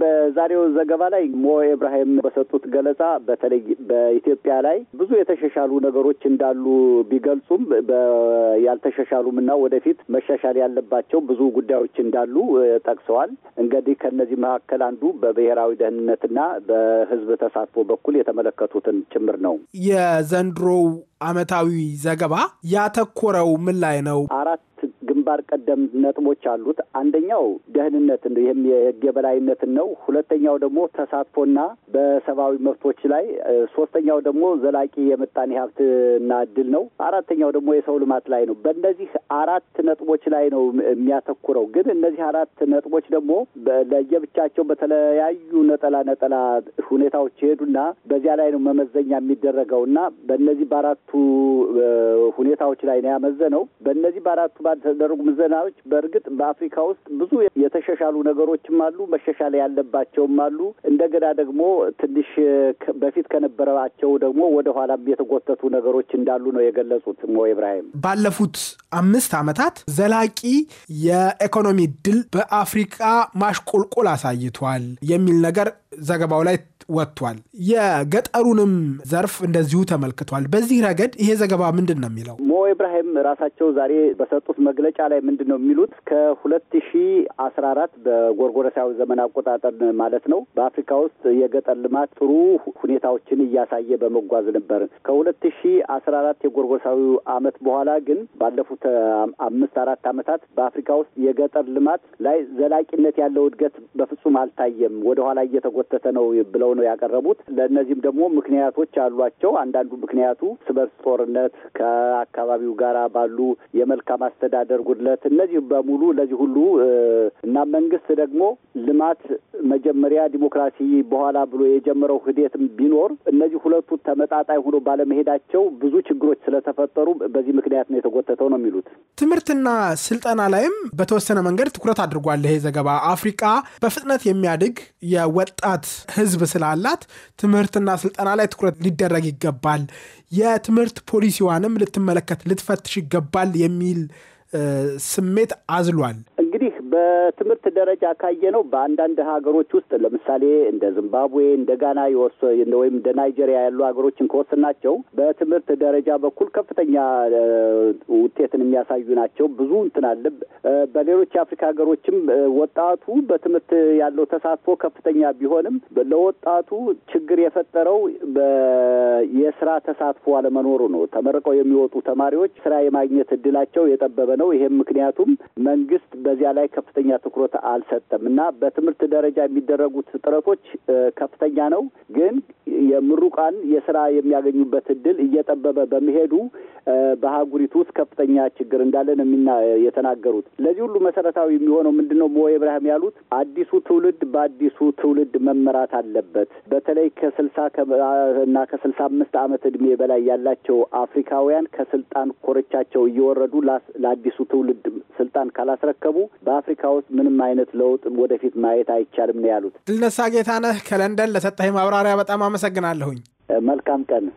በዛሬው ዘገባ ላይ ሞ ኢብራሂም በሰጡት ገለጻ በተለይ በኢትዮጵያ ላይ ብዙ የተሻሻሉ ነገሮች እንዳሉ ቢገልጹም ያልተሻሻሉም እና ወደፊት መሻሻል ያለባቸው ብዙ ጉዳዮች እንዳሉ ጠቅሰዋል። እንግዲህ ከነዚህ መካከል አንዱ በብሔራዊ ደህንነትና በህዝብ ተሳትፎ በኩል የተመለከቱትን ጭምር ነው። የዘንድሮው አመታዊ ዘገባ ያተኮረው ምን ላይ ነው? ግንባር ቀደም ነጥቦች አሉት። አንደኛው ደህንነት ይህም የህግ ነው። ሁለተኛው ደግሞ ተሳትፎና በሰብአዊ መብቶች ላይ፣ ሶስተኛው ደግሞ ዘላቂ የምጣኔ ሀብትና እድል ነው። አራተኛው ደግሞ የሰው ልማት ላይ ነው። በእነዚህ አራት ነጥቦች ላይ ነው የሚያተኩረው። ግን እነዚህ አራት ነጥቦች ደግሞ ለየብቻቸው በተለያዩ ነጠላ ነጠላ ሁኔታዎች ይሄዱና በዚያ ላይ ነው መመዘኛ የሚደረገው እና በእነዚህ በአራቱ ሁኔታዎች ላይ ነው ያመዘነው በእነዚህ በአራቱ ባደረ የሚደረጉ ምዘናዎች በእርግጥ በአፍሪካ ውስጥ ብዙ የተሻሻሉ ነገሮችም አሉ፣ መሻሻል ያለባቸውም አሉ። እንደገና ደግሞ ትንሽ በፊት ከነበረባቸው ደግሞ ወደኋላም የተጎተቱ ነገሮች እንዳሉ ነው የገለጹት ሞ ኢብራሂም። ባለፉት አምስት ዓመታት ዘላቂ የኢኮኖሚ ድል በአፍሪካ ማሽቆልቆል አሳይቷል የሚል ነገር ዘገባው ላይ ወጥቷል። የገጠሩንም ዘርፍ እንደዚሁ ተመልክቷል። በዚህ ረገድ ይሄ ዘገባ ምንድን ነው የሚለው? ሞ ኢብራሂም ራሳቸው ዛሬ በሰጡት መግለጫ ላይ ምንድን ነው የሚሉት? ከሁለት ሺ አስራ አራት በጎርጎረሳዊ ዘመን አቆጣጠር ማለት ነው በአፍሪካ ውስጥ የገጠር ልማት ጥሩ ሁኔታዎችን እያሳየ በመጓዝ ነበር። ከሁለት ሺ አስራ አራት የጎርጎረሳዊ አመት በኋላ ግን ባለፉት አምስት አራት አመታት በአፍሪካ ውስጥ የገጠር ልማት ላይ ዘላቂነት ያለው እድገት በፍጹም አልታየም። ወደኋላ እየተጎ የተጎተተ ነው ብለው ነው ያቀረቡት። ለእነዚህም ደግሞ ምክንያቶች አሏቸው። አንዳንዱ ምክንያቱ እርስ ጦርነት፣ ከአካባቢው ጋር ባሉ የመልካም አስተዳደር ጉድለት፣ እነዚህ በሙሉ ለዚህ ሁሉ እና መንግስት ደግሞ ልማት መጀመሪያ ዲሞክራሲ በኋላ ብሎ የጀመረው ሂደትም ቢኖር እነዚህ ሁለቱ ተመጣጣኝ ሆኖ ባለመሄዳቸው ብዙ ችግሮች ስለተፈጠሩ በዚህ ምክንያት ነው የተጎተተው ነው የሚሉት። ትምህርትና ስልጠና ላይም በተወሰነ መንገድ ትኩረት አድርጓል ይሄ ዘገባ። አፍሪቃ በፍጥነት የሚያድግ የወጣ የመብላት ህዝብ ስላላት ትምህርትና ስልጠና ላይ ትኩረት ሊደረግ ይገባል፣ የትምህርት ፖሊሲዋንም ልትመለከት ልትፈትሽ ይገባል የሚል ስሜት አዝሏል። በትምህርት ደረጃ ነው በአንዳንድ ሀገሮች ውስጥ ለምሳሌ እንደ ዚምባብዌ እንደ ጋና ወይም እንደ ናይጄሪያ ያሉ ሀገሮችን ከወሰናቸው በትምህርት ደረጃ በኩል ከፍተኛ ውጤትን የሚያሳዩ ናቸው። ብዙ እንትን አለ። በሌሎች የአፍሪካ ሀገሮችም ወጣቱ በትምህርት ያለው ተሳትፎ ከፍተኛ ቢሆንም ለወጣቱ ችግር የፈጠረው የስራ ተሳትፎ አለመኖሩ ነው። ተመርቀው የሚወጡ ተማሪዎች ስራ የማግኘት እድላቸው የጠበበ ነው። ይሄም ምክንያቱም መንግስት በዚያ ላይ ከፍተኛ ትኩረት አልሰጠም እና በትምህርት ደረጃ የሚደረጉት ጥረቶች ከፍተኛ ነው። ግን የምሩቃን የስራ የሚያገኙበት እድል እየጠበበ በመሄዱ በሀጉሪቱ ውስጥ ከፍተኛ ችግር ነው የሚና የተናገሩት ለዚህ ሁሉ መሰረታዊ የሚሆነው ምንድን ነው? ሞ ኢብራሂም ያሉት አዲሱ ትውልድ በአዲሱ ትውልድ መመራት አለበት። በተለይ ከስልሳ እና ከስልሳ አምስት ዓመት እድሜ በላይ ያላቸው አፍሪካውያን ከስልጣን ኮረቻቸው እየወረዱ ለአዲሱ ትውልድ ስልጣን ካላስረከቡ በአፍሪካ ውስጥ ምንም አይነት ለውጥ ወደፊት ማየት አይቻልም ነው ያሉት። ድልነሳ ጌታነህ ከለንደን ለሰጠኝ ማብራሪያ በጣም አመሰግናለሁኝ። መልካም ቀን።